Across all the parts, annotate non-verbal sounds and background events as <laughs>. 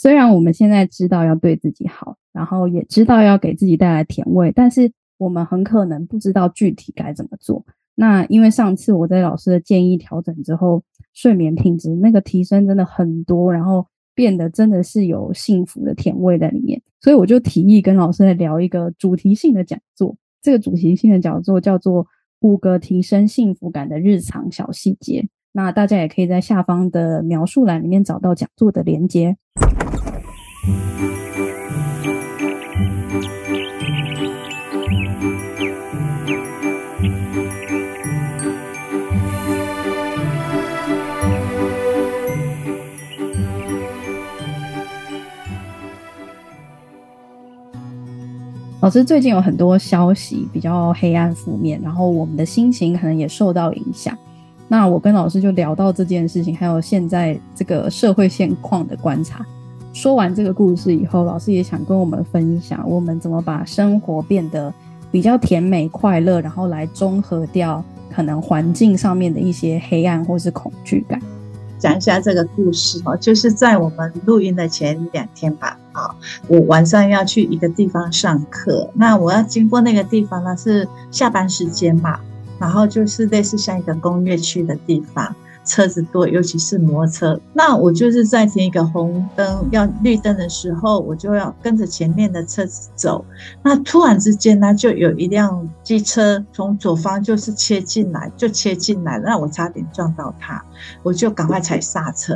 雖然我們現在知道要對自己好，然後也知道要給自己帶來甜味，但是我們很可能不知道具體該怎麼做。那因為上次我在老師的建議調整之後，睡眠品質那個提升真的很多，然後變得真的是有幸福的甜味在裡面。所以我就提議跟老師來聊一個主題性的講座。這個主題性的講座叫做五個提升幸福感的日常小細節。那大家也可以在下方的描述欄裡面找到講座的連接。老師，最近有很多消息比較黑暗負面，然後我們的心情可能也受到影響。那我跟老師就聊到這件事情，還有現在這個社會現況的觀察。說完這個故事以後，老師也想跟我們分享，我們怎麼把生活變得比較甜美快樂，然後來中和掉可能環境上面的一些黑暗或是恐懼感。講一下這個故事哦，就是在我們錄音的前兩天吧，啊，我晚上要去一個地方上課，那我要經過那個地方呢，是下班時間嘛，然後就是類似像一個工業區的地方。車子多，尤其是摩托車。那我就是在停一個紅燈要綠燈的時候，我就要跟着前面的車子走。那突然之間呢，那就有一輛機車從左方就是切進來，就切進來。那我差點撞到他，我就趕快踩剎車。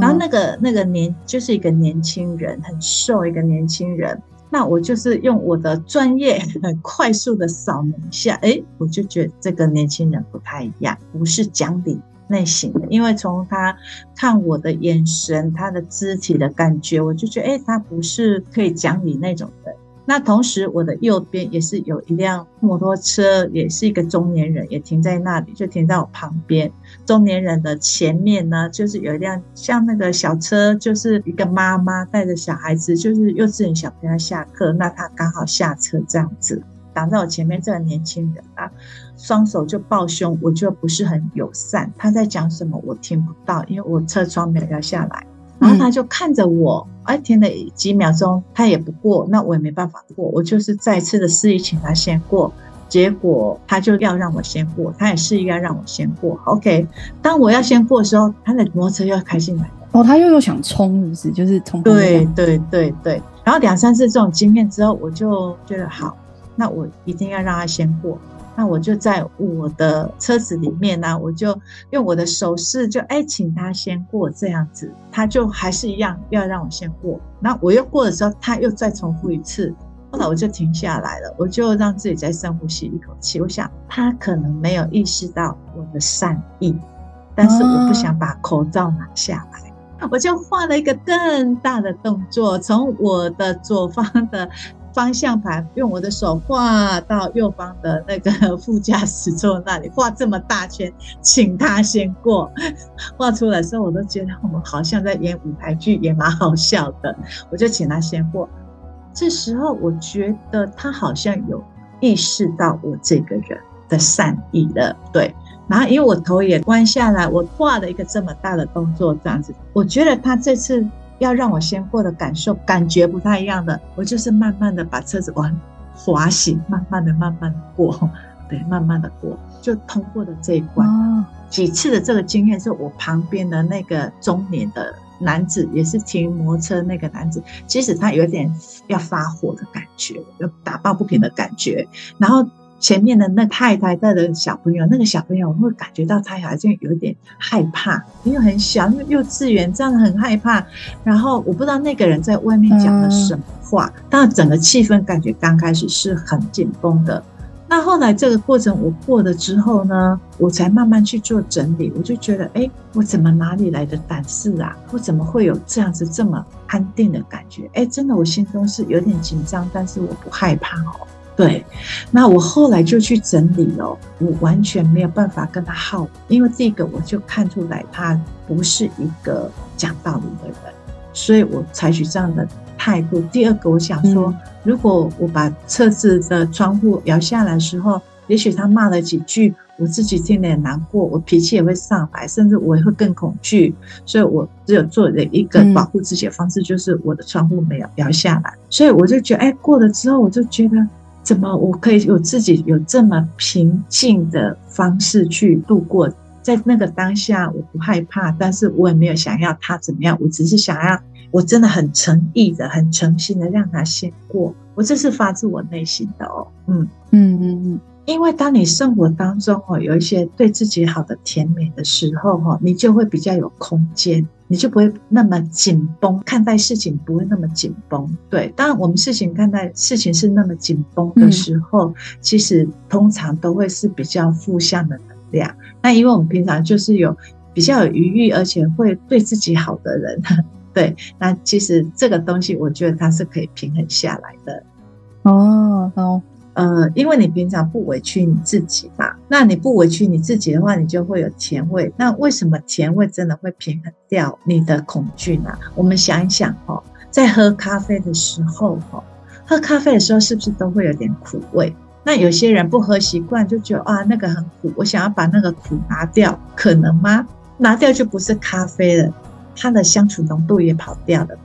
然後、嗯、那，那個那個年就是一個年輕人，很瘦一個年輕人。那我就是用我的專業，很快速的掃了一下，哎、欸，我就覺得這個年輕人不太一樣，不是講理。內心的，因為從他看我的眼神，他的肢體的感覺，我就覺得，哎、欸，他不是可以講理那種人。那同時，我的右邊也是有一輛摩托車，也是一個中年人，也停在那裡，就停在我旁邊。中年人的前面呢，就是有一輛像那個小車，就是一個媽媽帶着小孩子，就是幼稚園小朋友下課，那他剛好下車這樣子。擋在我前面這個年輕人啊，雙手就抱胸，我就不是很友善。他在講什麼我聽不到，因為我車窗沒有搖下來。然後他就看着我，哎、嗯啊，停了幾秒鐘，他也不過，那我也沒辦法過。我就是再次的示意，請他先過。結果他就要讓我先過，他也示意要讓我先過。OK，當我要先過的時候，他的摩托車要開進來。哦，他又又想衝，是不是就是衝？對對對對，然後兩三次這種經驗之後，我就覺得好。那我一定要讓他先過，那我就在我的車子裡面呢、啊，我就用我的手勢，就、欸、誒，請他先過這樣子，他就還是一樣要讓我先過。那我又過的時候，他又再重複一次，後來我就停下來了，我就讓自己再深呼吸一口氣。我想他可能沒有意識到我的善意，但是我不想把口罩拿下來，哦、我就換了一個更大的動作，從我的左方的。方向盤用我的手畫到右方的那個副駕駛座那裡，畫這麼大圈，請他先過。畫出來之後，我都覺得我們好像在演舞台劇，也蠻好笑的。我就請他先過。這時候，我覺得他好像有意識到我這個人的善意了，對。然後因為我頭也彎下來，我畫了一個這麼大的動作，這樣子，我覺得他這次。要讓我先過的感受感覺不太一樣的，我就是慢慢的把車子往滑行，慢慢的、慢慢的過，對，慢慢的過就通過了這一關。哦、幾次的這個經驗是我旁邊的那個中年的男子，也是騎摩托車那個男子，即使他有點要發火的感覺，有打抱不平的感覺，然後。前面的那太太帶的小朋友，那個小朋友我會感覺到他好像有點害怕，因為很小，又幼稚園，這樣很害怕。然後我不知道那個人在外面講了什麼話，嗯、但整個氣氛感覺剛開始是很緊繃的。那後來這個過程我過了之後呢，我才慢慢去做整理，我就覺得，哎、欸，我怎麼哪裡來的膽識啊？我怎麼會有這樣子這麼安定的感覺？哎、欸，真的，我心中是有點緊張，但是我不害怕哦。對，那我後來就去整理了、哦。我完全沒有辦法跟他耗，因為第一個我就看出來他不是一個講道理的人，所以我採取這樣的態度。第二個，我想說，嗯、如果我把車子的窗戶搖下來的時候，也許他罵了幾句，我自己心裡也難過，我脾氣也會上來，甚至我也會更恐懼，所以我只有做了一個保護自己的方式，嗯、就是我的窗戶沒有搖下來，所以我就覺得，哎，過了之後，我就覺得。怎麼？我可以有自己有這麼平靜的方式去度過，在那個當下，我不害怕，但是我也沒有想要他怎麼樣，我只是想要，我真的很誠意的、很誠心的讓他先過，我這是發自我內心的哦，嗯嗯嗯嗯，因為當你生活當中哦有一些對自己好的、甜美的時候哦，你就會比較有空間。你就不會那麼緊繃，看待事情不會那麼緊繃。對，當然我們事情看待事情是那麼緊繃的時候，嗯、其實通常都會是比較負向的能量。那因為我們平常就是有比較有餘裕，而且會對自己好的人，對，那其實這個東西我覺得它是可以平衡下來的。哦，好。嗯、呃，因為你平常不委屈你自己嘛，那你不委屈你自己的話，你就會有甜味。那為什麼甜味真的會平衡掉你的恐懼呢、啊？我們想一想，哦，在喝咖啡的時候，哦，喝咖啡的時候是不是都會有點苦味？那有些人不喝習慣，就覺得啊，那個很苦，我想要把那個苦拿掉，可能嗎？拿掉就不是咖啡了，它的香醇濃度也跑掉了。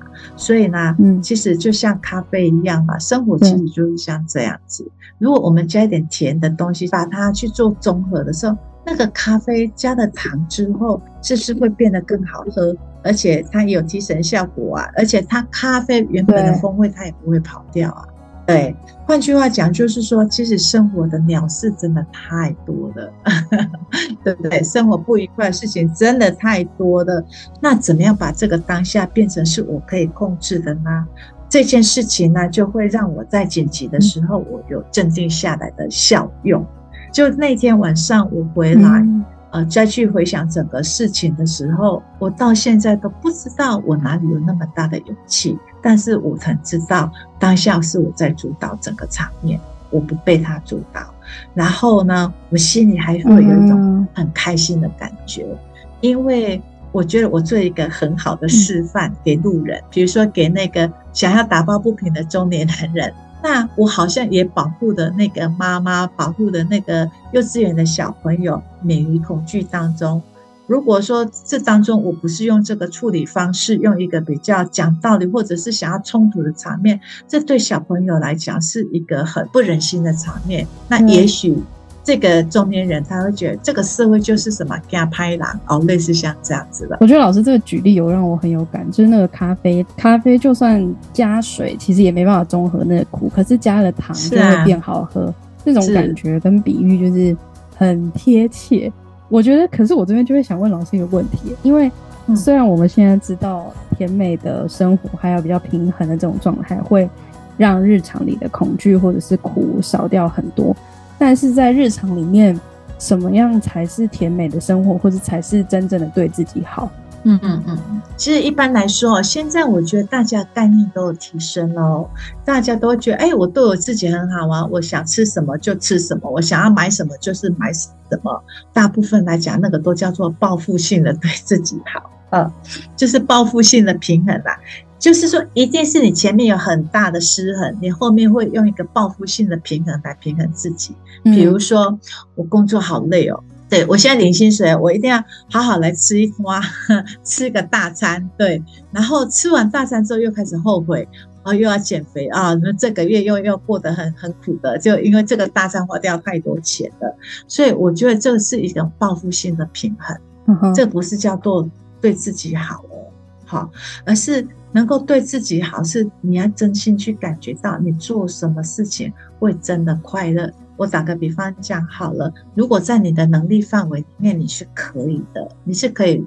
所以呢，嗯，其實就像咖啡一樣嘛，生活其實就是像這樣子。如果我們加一點甜的東西，把它去做中和的時候，那個咖啡加了糖之後，是不是會變得更好喝？而且它也有提神效果啊，而且它咖啡原本的風味它也不會跑掉啊。對，換句話講，就是說，其實生活的鳥事真的太多了，對不對？生活不愉快的事情真的太多了。那怎麼樣把這個當下變成是我可以控制的呢？這件事情呢，就會讓我在剪輯的時候，我有鎮定下來的效用。嗯、就那天晚上我回來。嗯呃，再去回想整個事情的時候，我到現在都不知道我哪裡有那麼大的勇氣。但是我很知道，當下是我在主導整個場面，我不被他主導。然後呢，我心裡還會有一種很開心的感覺，嗯、因為我覺得我做一個很好的示範給路人，嗯、比如說給那個想要打抱不平的中年男人。那我好像也保護的那個媽媽，保護的那個幼稚園的小朋友免於恐懼當中。如果說這當中我不是用這個處理方式，用一個比較講道理，或者是想要衝突的場面，這對小朋友來講是一個很不忍心的場面。那也許，嗯。這個中年人他會覺得這個社會就是什麼卡拍蘭哦，類似像這樣子的。我覺得老師這個舉例有讓我很有感，就是那個咖啡，咖啡就算加水，其實也沒辦法中和那個苦，可是加了糖就會變好喝。這、啊、種感覺跟比喻就是很貼切。是我覺得，可是我這邊就會想問老師一個問題，因為雖然我們現在知道、嗯、甜美的生活還有比較平衡的這種狀態，會讓日常裡的恐懼或者是苦少掉很多。但是在日常裡面，什麼樣才是甜美的生活，或者才是真正的對自己好？嗯嗯嗯。嗯嗯其實一般來說，現在我覺得大家概念都有提升哦，大家都覺得，哎、欸，我對我自己很好啊，我想吃什麼就吃什麼，我想要買什麼就是買什麼。大部分來講，那個都叫做報復性的對自己好，嗯，就是報復性的平衡啦、啊。就是說，一定是你前面有很大的失衡，你後面會用一個報復性的平衡來平衡自己。比如說，我工作好累哦，對，我現在領薪水，我一定要好好來吃一鍋，吃個大餐。對，然後吃完大餐之後又開始後悔，啊，又要減肥啊，那這個月又又過得很很苦的，就因為這個大餐花掉太多錢了。所以我覺得這是一個報復性的平衡，這不是叫做對自己好哦，好，而是。能夠對自己好是你要真心去感覺到，你做什麼事情會真的快樂。我打個比方講好了，如果在你的能力範圍裡面，你是可以的，你是可以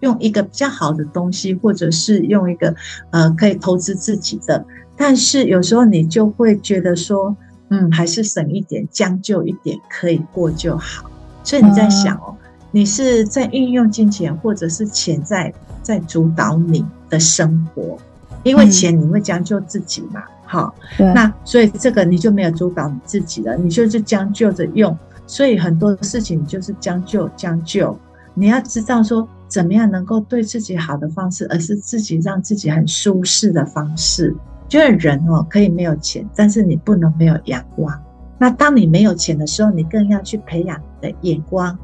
用一個比較好的東西，或者是用一個呃可以投資自己的。但是有時候你就會覺得說，嗯，還是省一點，將就一點，可以過就好。所以你在想哦，你是在運用金錢，或者是潛在。在主導你的生活，因為錢你會將就自己嘛？好，那所以這個你就沒有主導你自己了，你就是將就着用。所以很多事情就是將就將就。將就，你要知道說怎麼樣能夠對自己好的方式，而是自己讓自己很舒適的方式。就是人哦，可以沒有錢，但是你不能沒有陽光。那當你沒有錢的時候，你更要去培養你的眼光。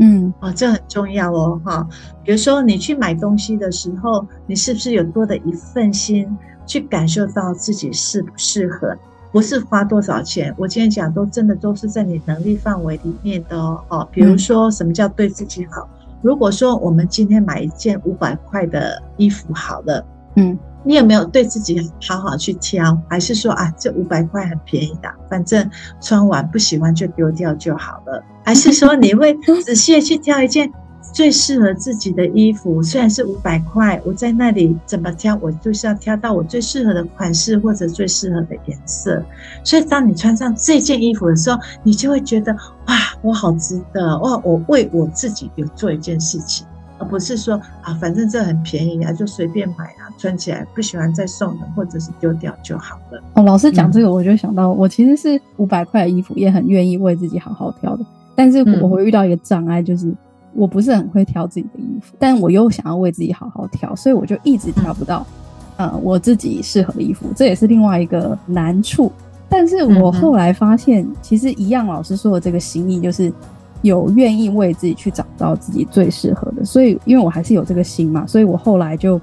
嗯哦，這很重要哦哈。比如說，你去買東西的時候，你是不是有多的一份心去感受到自己適不適合？不是花多少錢，我今天講都真的都是在你能力範圍裡面的哦。哦，比如說什麼叫對自己好？嗯、如果說我們今天買一件五百塊的衣服好了，嗯，你有沒有對自己好好去挑？還是說啊，這五百塊很便宜的，啊，反正穿完不喜歡就丟掉就好了。還是說你會仔細的去挑一件最適合自己的衣服，雖然是五百塊，我在那裡怎麼挑，我就是要挑到我最適合的款式或者最適合的顏色。所以當你穿上這件衣服的時候，你就會覺得哇，我好值得哇，我為我自己有做一件事情，而不是說啊，反正這很便宜啊，就隨便買啊，穿起來不喜歡再送人或者是丟掉就好了。哦，老師講這個，我就想到我其實是五百塊的衣服，也很願意為自己好好挑的。但是我會遇到一個障礙，就是我不是很會挑自己的衣服，嗯、但我又想要為自己好好挑，所以我就一直挑不到，嗯、呃，我自己適合的衣服，這也是另外一個難處。但是我後來發現，其實一樣老師說的這個心意，就是有願意為自己去找到自己最適合的。所以，因為我還是有這個心嘛，所以我後來就。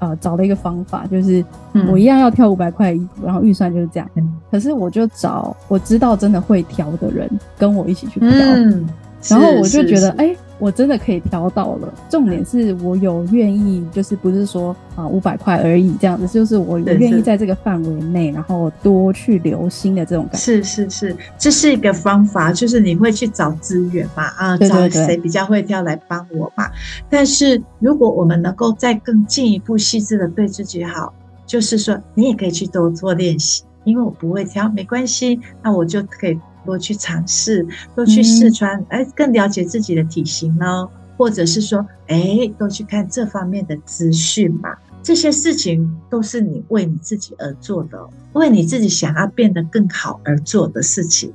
呃，找了一個方法，就是我一樣要挑五百塊衣服，嗯、然後預算就是這樣。可是我就找我知道真的會挑的人跟我一起去挑，嗯、然後我就覺得哎。是是是欸我真的可以挑到了，重點是我有願意，就是不是說啊五百塊而已這樣子，就是我我願意在這個範圍內，然後多去留心的這種感覺。是是是，這是一個方法，就是你會去找資源嘛，啊找誰比較會挑來幫我嘛。但是如果我們能夠再更進一步細緻的對自己好，就是說你也可以去多做練習，因為我不會挑沒關係，那我就可以。多去嘗試，多去試穿，哎，更了解自己的體型哦。嗯、或者是說，哎、欸，多去看這方面的資訊嘛。這些事情都是你為你自己而做的，哦，為你自己想要變得更好而做的事情。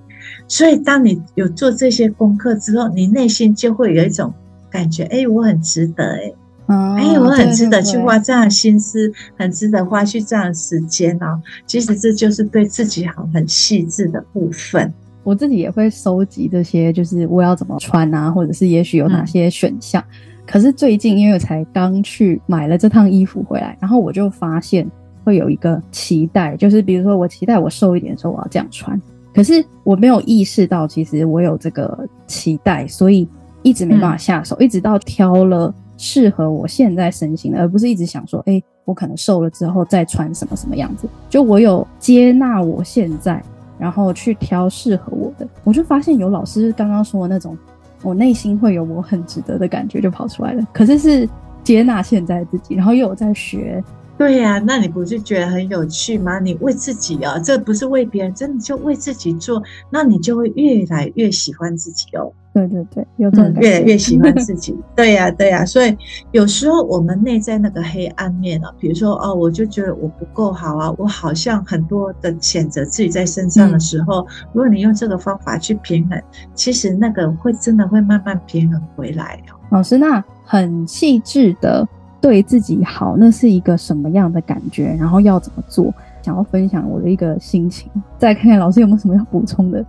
所以，當你有做這些功課之後，你內心就會有一種感覺：哎、欸，我很值得，欸，哎、哦欸，我很值得去花這樣的心思，對對對對很值得花去這樣的時間哦。其實，這就是對自己好，很細緻的部分。我自己也會收集這些，就是我要怎麼穿啊，或者是也許有哪些選項。嗯、可是最近因為我才剛去買了這套衣服回來，然後我就發現會有一個期待，就是比如說我期待我瘦一點的時候，我要這樣穿，可是我沒有意識到其實我有這個期待，所以一直沒辦法下手，嗯、一直到挑了適合我現在身形的，而不是一直想說，誒、欸，我可能瘦了之後再穿什麼什麼樣子。就我有接納我現在。然後去挑適合我的，我就發現有老師剛剛說的那種，我內心會有我很值得的感覺就跑出來了。可是是接納現在自己，然後又有在學。對呀，那你不是覺得很有趣嗎？你為自己啊，這不是為別人，真的就為自己做，那你就會越來越喜歡自己哦。對對對，有這種感覺，越來越喜歡自己。 <laughs> 對呀、啊，對呀、啊，所以有時候我們內在那個黑暗面啊，比如說哦，我就覺得我不夠好啊，我好像很多的譴責自己在身上的時候，嗯、如果你用這個方法去平衡，其實那個會真的會慢慢平衡回來。老師，那很細緻的對自己好，那是一個什麼樣的感覺？然後要怎麼做？想要分享我的一個心情，再看看老師有沒有什麼要補充的，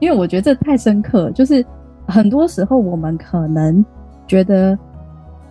因為我覺得這太深刻了，就是。很多時候我們可能覺得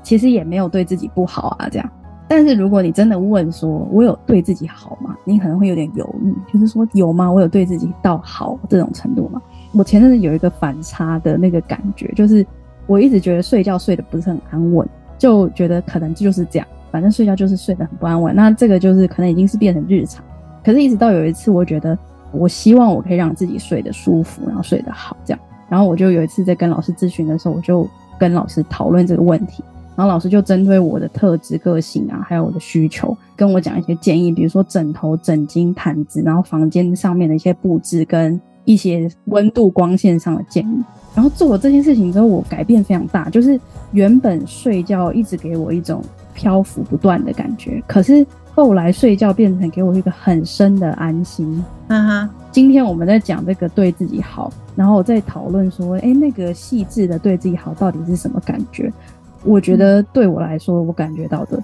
其實也沒有對自己不好啊，這樣。但是如果你真的問說“我有對自己好嗎？”你可能會有點猶豫，就是說“有嗎？我有對自己到好這種程度嗎？”我前陣子有一個反差的那個感覺，就是我一直覺得睡覺睡得不是很安穩，就覺得可能就是這樣，反正睡覺就是睡得很不安穩。那這個就是可能已經是變成日常。可是，一直到有一次，我覺得我希望我可以讓自己睡得舒服，然後睡得好，這樣。然後我就有一次在跟老師諮詢的時候，我就跟老師討論這個問題。然後老師就針對我的特質、個性啊，還有我的需求，跟我講一些建議，比如說枕頭、枕巾、毯子，然後房間上面的一些布置跟一些溫度、光線上的建議。然後做了這件事情之後，我改變非常大，就是原本睡覺一直給我一種漂浮不斷的感覺，可是後來睡覺變成給我一個很深的安心。哈哈，uh-huh. 今天我們在講這個對自己好。然後在討論說，誒、欸，那個細緻的對自己好到底是什麼感覺？我覺得對我來說，嗯、我感覺到的，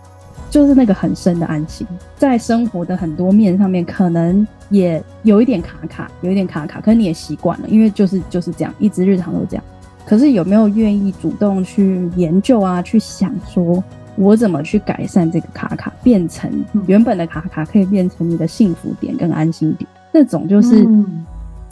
就是那個很深的安心。在生活的很多面上面，可能也有一點卡卡，有一點卡卡。可是你也習慣了，因為就是就是這樣，一直日常都這樣。可是有沒有願意主動去研究啊？去想說，我怎麼去改善這個卡卡，變成原本的卡卡可以變成你的幸福點跟安心點？那種就是、嗯。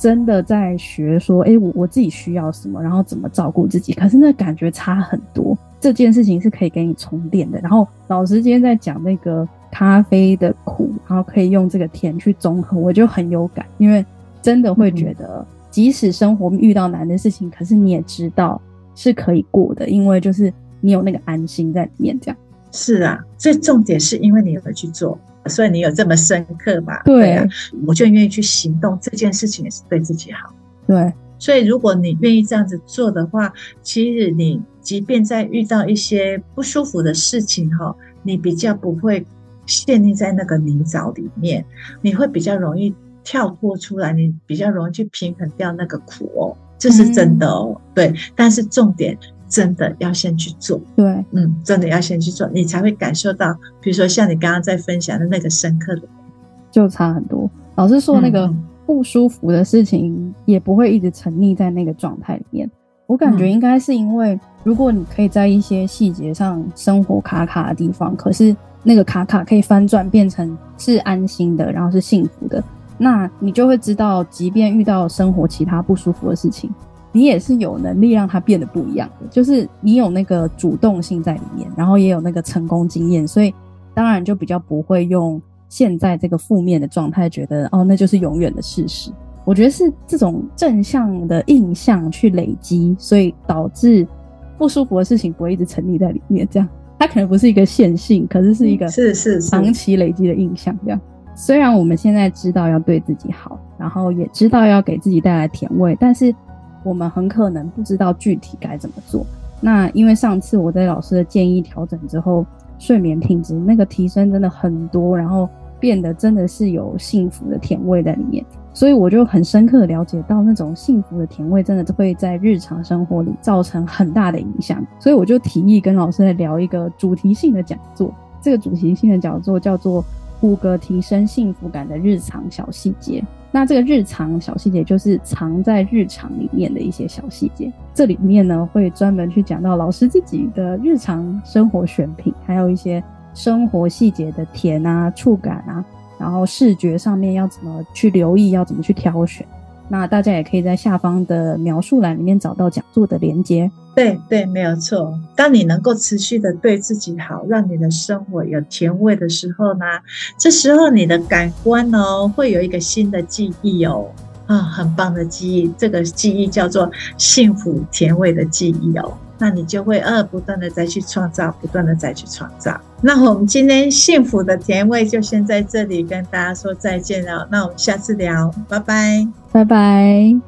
真的在學說，誒、欸，我我自己需要什麼，然後怎麼照顧自己。可是那感覺差很多。這件事情是可以給你充電的。然後老師今天在講那個咖啡的苦，然後可以用這個甜去中和，我就很有感。因為真的會覺得，即使生活遇到難的事情，可是你也知道是可以過的，因為就是你有那個安心在裡面，這樣。是啊，最重點是因為你有去做，所以你有這麼深刻吧？對啊，對啊，我就願意去行動，這件事情也是對自己好。對，所以如果你願意這樣子做的話，其實你即便在遇到一些不舒服的事情哈、哦，你比較不會陷溺在那個泥沼裡面，你會比較容易跳脫出來，你比較容易去平衡掉那個苦哦，這是真的哦。嗯、對，但是重點。真的要先去做，對，嗯，真的要先去做，你才會感受到，比如說像你剛剛在分享的那個深刻的，就差很多。老實說，嗯、那個不舒服的事情也不會一直沉溺在那個狀態裡面。我感覺應該是因為，嗯、如果你可以在一些細節上生活卡卡的地方，可是那個卡卡可以翻轉變成是安心的，然後是幸福的，那你就會知道，即便遇到生活其他不舒服的事情。你也是有能力讓它變得不一樣的，就是你有那個主動性在裡面，然後也有那個成功經驗，所以當然就比較不會用現在這個負面的狀態，覺得哦，那就是永遠的事實。我覺得是這種正向的印象去累積，所以導致不舒服的事情不會一直沉溺在裡面。這樣，它可能不是一個線性，可是是一個是是長期累積的印象。這樣，雖然我們現在知道要對自己好，然後也知道要給自己帶來甜味，但是。我們很可能不知道具體該怎麼做。那因為上次我在老師的建議調整之後，睡眠品質那個提升真的很多，然後變得真的是有幸福的甜味在裡面。所以我就很深刻的了解到，那種幸福的甜味真的會在日常生活裡造成很大的影響。所以我就提議跟老師來聊一個主題性的講座。這個主題性的講座叫做《五個提升幸福感的日常小細節》。那這個日藏小細節，就是藏在日常裡面的一些小細節。這裡面呢，會專門去講到老師自己的日常生活選品，還有一些生活細節的甜啊、觸感啊，然後視覺上面要怎麼去留意，要怎麼去挑選。那大家也可以在下方的描述欄裡面找到講座的鏈接對對，沒有錯。當你能夠持續的對自己好，讓你的生活有甜味的時候呢，這時候你的感官哦，會有一個新的記憶哦。啊、哦，很棒的記憶，這個記憶叫做幸福甜味的記憶哦。那你就會呃不斷的再去創造，不斷的再去創造。那我們今天幸福的甜味就先在這裡跟大家說再見了。那我們下次聊，拜拜，拜拜。